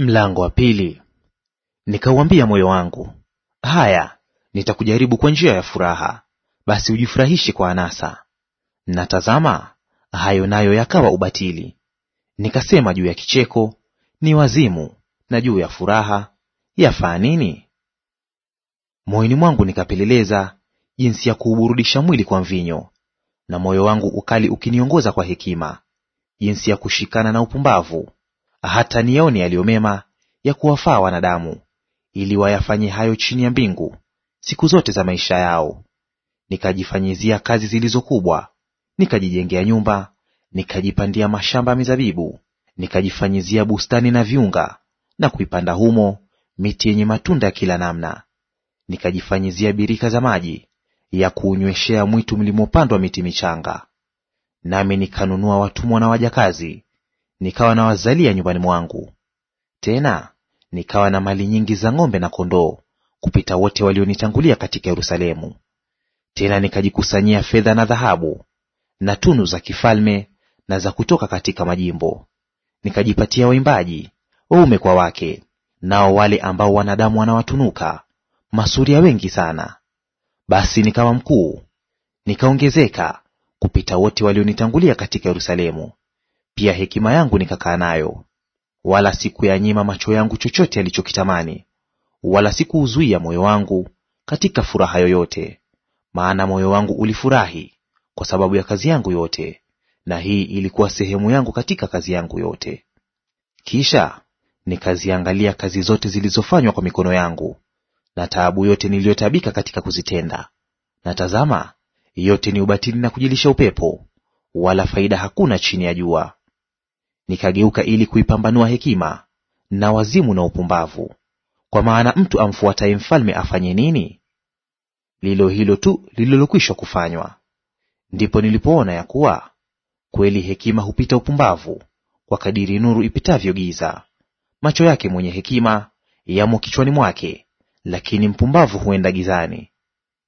Mlango wa pili. Nikauambia moyo wangu, haya, nitakujaribu kwa njia ya furaha, basi ujifurahishe kwa anasa. natazama hayo nayo yakawa ubatili. Nikasema juu ya kicheko ni wazimu, na juu ya furaha yafaa nini? Moyoni mwangu nikapeleleza jinsi ya kuuburudisha mwili kwa mvinyo, na moyo wangu ukali ukiniongoza kwa hekima, jinsi ya kushikana na upumbavu hata nione yaliyomema ya kuwafaa wanadamu, ili wayafanye hayo chini ya mbingu siku zote za maisha yao. Nikajifanyizia kazi zilizo kubwa, nikajijengea nyumba, nikajipandia mashamba ya mizabibu, nikajifanyizia bustani na viunga, na kuipanda humo miti yenye matunda ya kila namna. Nikajifanyizia birika za maji ya kuunyweshea mwitu mlimopandwa miti michanga. Nami nikanunua watumwa na wajakazi nikawa na wazalia nyumbani mwangu. Tena nikawa na mali nyingi za ng'ombe na kondoo kupita wote walionitangulia katika Yerusalemu. Tena nikajikusanyia fedha na dhahabu na tunu za kifalme na za kutoka katika majimbo. Nikajipatia waimbaji waume kwa wake, nao wale ambao wanadamu wanawatunuka masuria wengi sana. Basi nikawa mkuu, nikaongezeka kupita wote walionitangulia katika Yerusalemu. Pia hekima yangu nikakaa nayo, wala sikuyanyima macho yangu chochote yalichokitamani, wala sikuuzuia moyo wangu katika furaha yoyote. Maana moyo wangu ulifurahi kwa sababu ya kazi yangu yote, na hii ilikuwa sehemu yangu katika kazi yangu yote. Kisha nikaziangalia kazi zote zilizofanywa kwa mikono yangu, na taabu yote niliyotabika katika kuzitenda. Na tazama, yote ni ubatili na kujilisha upepo, wala faida hakuna chini ya jua nikageuka ili kuipambanua hekima na wazimu na upumbavu. Kwa maana mtu amfuataye mfalme afanye nini? Lilo hilo tu lililokwishwa kufanywa. Ndipo nilipoona ya kuwa kweli hekima hupita upumbavu kwa kadiri nuru ipitavyo giza. Macho yake mwenye hekima yamo kichwani mwake, lakini mpumbavu huenda gizani.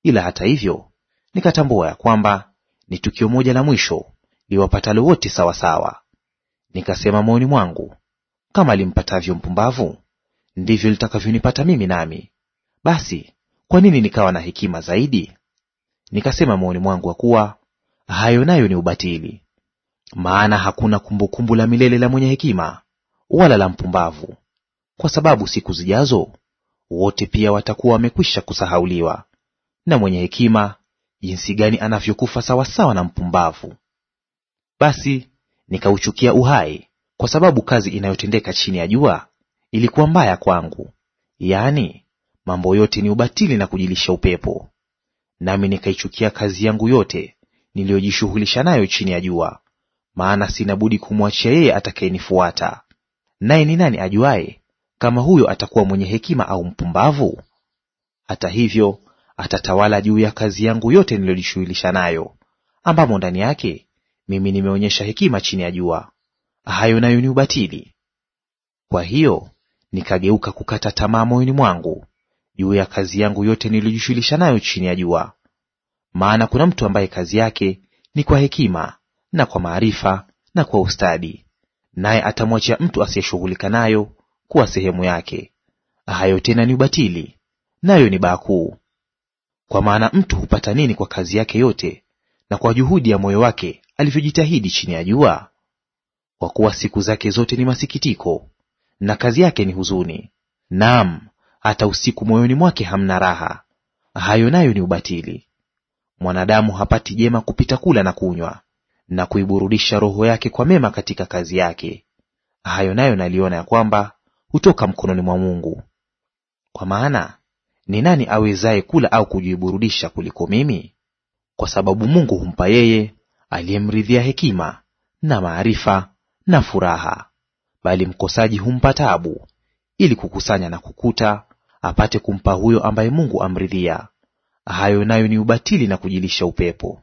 Ila hata hivyo nikatambua ya kwamba ni tukio moja la mwisho liwapatalo wote sawasawa. Nikasema moyoni mwangu, kama limpatavyo mpumbavu ndivyo litakavyonipata mimi nami. Basi kwa nini nikawa na hekima zaidi? Nikasema moyoni mwangu ya kuwa hayo nayo ni ubatili. Maana hakuna kumbukumbu la milele la mwenye hekima, wala la mpumbavu, kwa sababu siku zijazo wote pia watakuwa wamekwisha kusahauliwa. Na mwenye hekima jinsi gani anavyokufa sawasawa na mpumbavu! Basi nikauchukia uhai, kwa sababu kazi inayotendeka chini ya jua ilikuwa mbaya kwangu, yaani mambo yote ni ubatili na kujilisha upepo. Nami nikaichukia kazi yangu yote niliyojishughulisha nayo chini ya jua, maana sina budi kumwachia yeye atakayenifuata. Naye ni nani ajuaye kama huyo atakuwa mwenye hekima au mpumbavu? Hata hivyo atatawala juu ya kazi yangu yote niliyojishughulisha nayo, ambamo ndani yake mimi nimeonyesha hekima chini ya jua, hayo nayo ni ubatili. Kwa hiyo nikageuka kukata tamaa moyoni mwangu juu ya kazi yangu yote niliyojishughulisha nayo chini ya jua. Maana kuna mtu ambaye kazi yake ni kwa hekima na kwa maarifa na kwa ustadi, naye atamwachia mtu asiyeshughulika nayo kuwa sehemu yake. Hayo tena ni ubatili, nayo ni baa kuu. Kwa maana mtu hupata nini kwa kazi yake yote na kwa juhudi ya moyo wake alivyojitahidi chini ya jua? Kwa kuwa siku zake zote ni masikitiko, na kazi yake ni huzuni; naam, hata usiku moyoni mwake hamna raha. Hayo nayo ni ubatili. Mwanadamu hapati jema kupita kula na kunywa, na kuiburudisha roho yake kwa mema katika kazi yake; hayo nayo naliona ya kwamba hutoka mkononi mwa Mungu. Kwa maana ni nani awezaye kula au kujiburudisha kuliko mimi? Kwa sababu Mungu humpa yeye aliyemridhia hekima na maarifa na furaha, bali mkosaji humpa taabu, ili kukusanya na kukuta, apate kumpa huyo ambaye Mungu amridhia. Hayo nayo ni ubatili na kujilisha upepo.